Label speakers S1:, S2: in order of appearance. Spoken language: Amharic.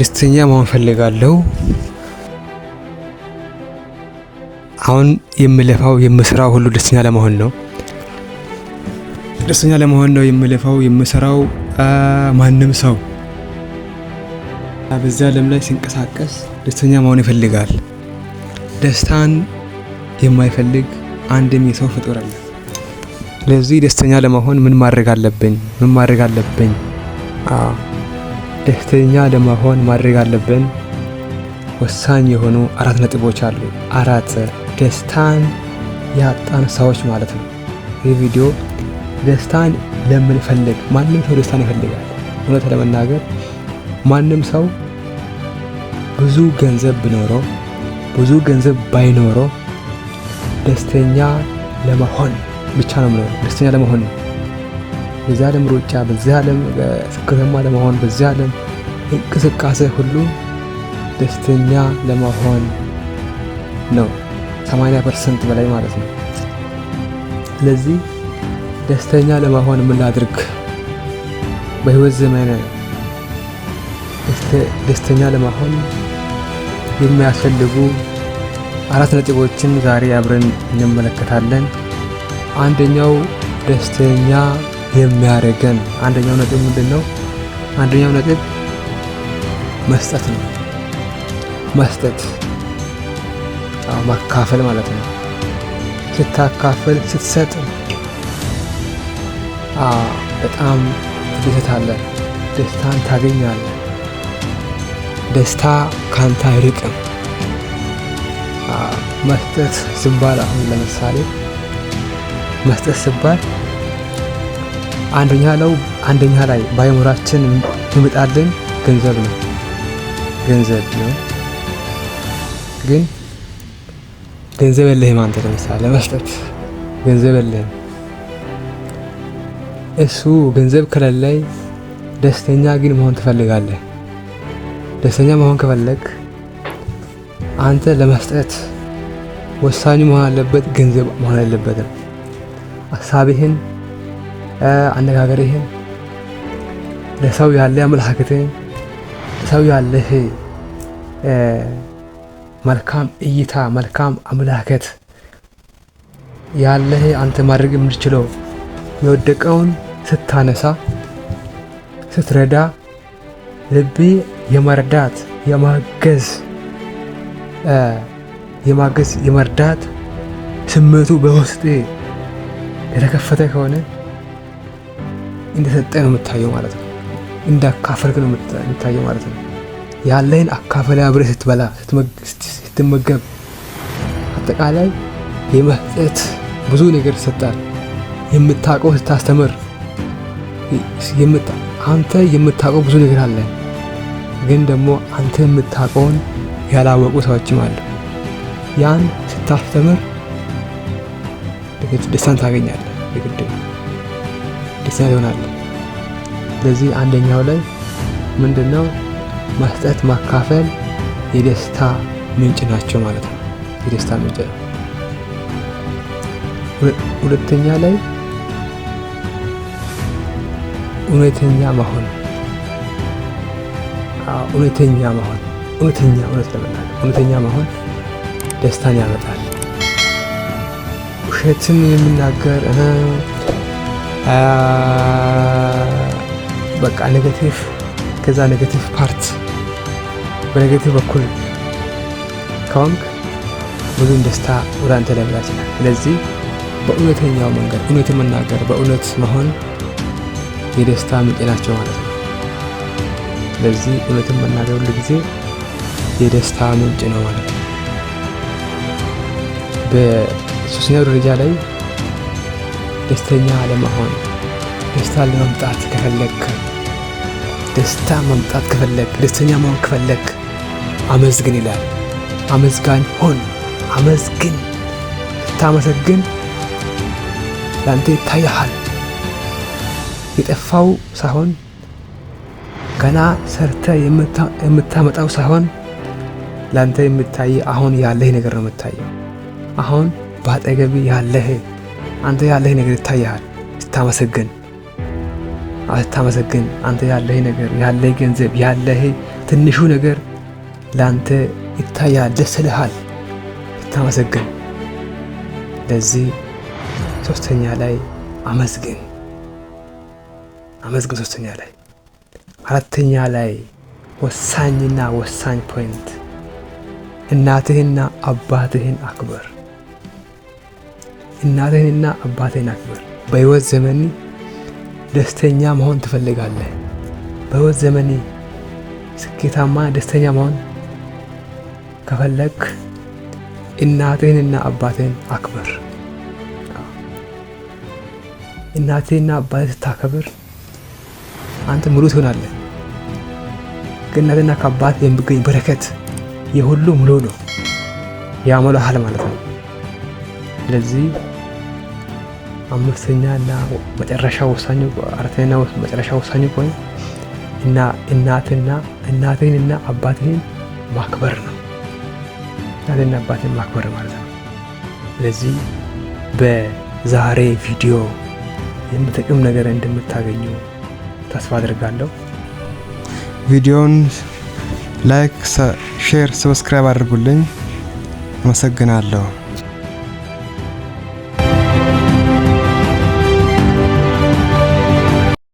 S1: ደስተኛ መሆን ፈልጋለሁ። አሁን የምለፋው የምሰራው ሁሉ ደስተኛ ለመሆን ነው። ደስተኛ ለመሆን ነው የምለፋው የምሰራው ማንም ሰው በዚያ ዓለም ላይ ሲንቀሳቀስ ደስተኛ መሆን ይፈልጋል። ደስታን የማይፈልግ አንድም የሰው ፍጡር አለ። ስለዚህ ደስተኛ ለመሆን ምን ማድረግ አለብኝ? ምን ማድረግ አለብኝ? ደስተኛ ለመሆን ማድረግ አለብን። ወሳኝ የሆኑ አራት ነጥቦች አሉ። አራት ደስታን ያጣን ሰዎች ማለት ነው። ይህ ቪዲዮ ደስታን ለምንፈልግ ማንም ሰው ደስታን ይፈልጋል። እውነት ለመናገር ማንም ሰው ብዙ ገንዘብ ቢኖረው ብዙ ገንዘብ ባይኖረው ደስተኛ ለመሆን ብቻ ነው ምኖረው። ደስተኛ ለመሆን ነው በዚህ ዓለም ሩጫ፣ በዚህ ዓለም ስኬታማ ለመሆን፣ በዚህ ዓለም እንቅስቃሴ ሁሉ ደስተኛ ለመሆን ነው። 80 ፐርሰንት በላይ ማለት ነው። ስለዚህ ደስተኛ ለመሆን ምን ላድርግ? በህይወት ዘመን ደስተኛ ለመሆን የሚያስፈልጉ አራት ነጥቦችን ዛሬ አብረን እንመለከታለን። አንደኛው ደስተኛ የሚያደርገን አንደኛው ነጥብ ምንድን ነው? አንደኛው ነጥብ መስጠት ነው። መስጠት ማካፈል ማለት ነው። ስታካፈል፣ ስትሰጥ በጣም ትደሰታለህ፣ ደስታን ታገኛለህ። ደስታ ካንተ አይርቅም። መስጠት ሲባል አሁን ለምሳሌ መስጠት ሲባል አንደኛ ለው አንደኛ ላይ ባይሞራችን ይመጣልን ገንዘብ ነው ገንዘብ ነው። ግን ገንዘብ የለህም አንተ ለምሳሌ ለመስጠት ገንዘብ የለህም። እሱ ገንዘብ ከሌለህ ደስተኛ ግን መሆን ትፈልጋለህ። ደስተኛ መሆን ከፈለግ አንተ ለመስጠት ወሳኙ መሆን አለበት፣ ገንዘብ መሆን አለበትም። ሀሳብህን አነጋገርህን፣ ለሰው ያለ አመለካከትህን፣ ለሰው ያለህ መልካም እይታ፣ መልካም አመለካከት ያለህ አንተ ማድረግ የምትችለው የወደቀውን ስታነሳ ስትረዳ ልብ የመርዳት የማገዝ የማገዝ የመርዳት ስሜቱ በውስጥ የተከፈተ ከሆነ እንደሰጠ ነው የምታየው ማለት ነው። እንዳካፈልክ ነው የምታየው ማለት ነው። ያለህን አካፈላ አብረህ ስትበላ ስትመገብ፣ አጠቃላይ የመስጠት ብዙ ነገር ይሰጣል። የምታውቀው ስታስተምር፣ አንተ የምታውቀው ብዙ ነገር አለ። ግን ደግሞ አንተ የምታውቀውን ያላወቁ ሰዎችም አሉ። ያን ስታስተምር ደስታን ታገኛለህ የግድ ደስተኛ ይሆናል። ስለዚህ አንደኛው ላይ ምንድነው መስጠት ማካፈል የደስታ ምንጭ ናቸው ማለት ነው። የደስታ ምንጭ ነው። ሁለተኛ ላይ እውነተኛ መሆን እውነተኛ መሆን እውነተኛ እውነት ለመናገር እውነተኛ መሆን ደስታን ያመጣል። ውሸትን የሚናገር በቃ ኔጌቲቭ ከዛ ኔጌቲቭ ፓርት በኔጌቲቭ በኩል ከሆንክ ብዙም ደስታ ወደ አንተ ይችላል። ስለዚህ በእውነተኛው መንገድ እውነት መናገር፣ በእውነት መሆን የደስታ ምንጭ ናቸው ማለት ነው። ስለዚህ እውነትን መናገር ሁሉ ጊዜ የደስታ ምንጭ ነው ማለት ነው። በሶስተኛው ደረጃ ላይ ደስተኛ ለመሆን ደስታ ለመምጣት ከፈለግ ደስታ መምጣት ከፈለግ ደስተኛ መሆን ከፈለግ አመስግን ይላል። አመስጋኝ ሆን፣ አመስግን። ስታመሰግን ለአንተ ይታያሃል። የጠፋው ሳይሆን ገና ሰርተ የምታመጣው ሳይሆን ለአንተ የምታይ አሁን ያለህ ነገር ነው የምታየው። አሁን በአጠገብ ያለህ አንተ ያለህ ነገር ይታያል። ስታመሰግን ስታመሰግን አንተ ያለህ ነገር ያለህ ገንዘብ ያለህ ትንሹ ነገር ላንተ ይታያል፣ ደስ ይልሃል ስታመሰግን። ለዚህ ሶስተኛ ላይ አመስግን አመስግን። ሶስተኛ ላይ አራተኛ ላይ ወሳኝና ወሳኝ ፖይንት እናትህና አባትህን አክበር። እናትህንና አባትህን አክብር። በህይወት ዘመን ደስተኛ መሆን ትፈልጋለህ? በህይወት ዘመን ስኬታማ ደስተኛ መሆን ከፈለግ እናትህንና አባትህን አክብር። እናትህንና አባትህን ስታከብር አንተ ሙሉ ትሆናለህ። ከእናትና ከአባት የሚገኝ በረከት የሁሉ ሙሉ ነው፣ ያሞላሃል ማለት ነው። ስለዚህ አምስተኛ እና መጨረሻ ወሳኝ አራተኛ መጨረሻ ወሳኝ ፖይንት እና እናትና እናትን እና አባትህን ማክበር ነው። እናትና አባትህን ማክበር ማለት ነው። ስለዚህ በዛሬ ቪዲዮ የምትጠቅም ነገር እንደምታገኙ ተስፋ አድርጋለሁ።
S2: ቪዲዮን ላይክ፣ ሼር፣ ሰብስክራይብ አድርጉልኝ። አመሰግናለሁ።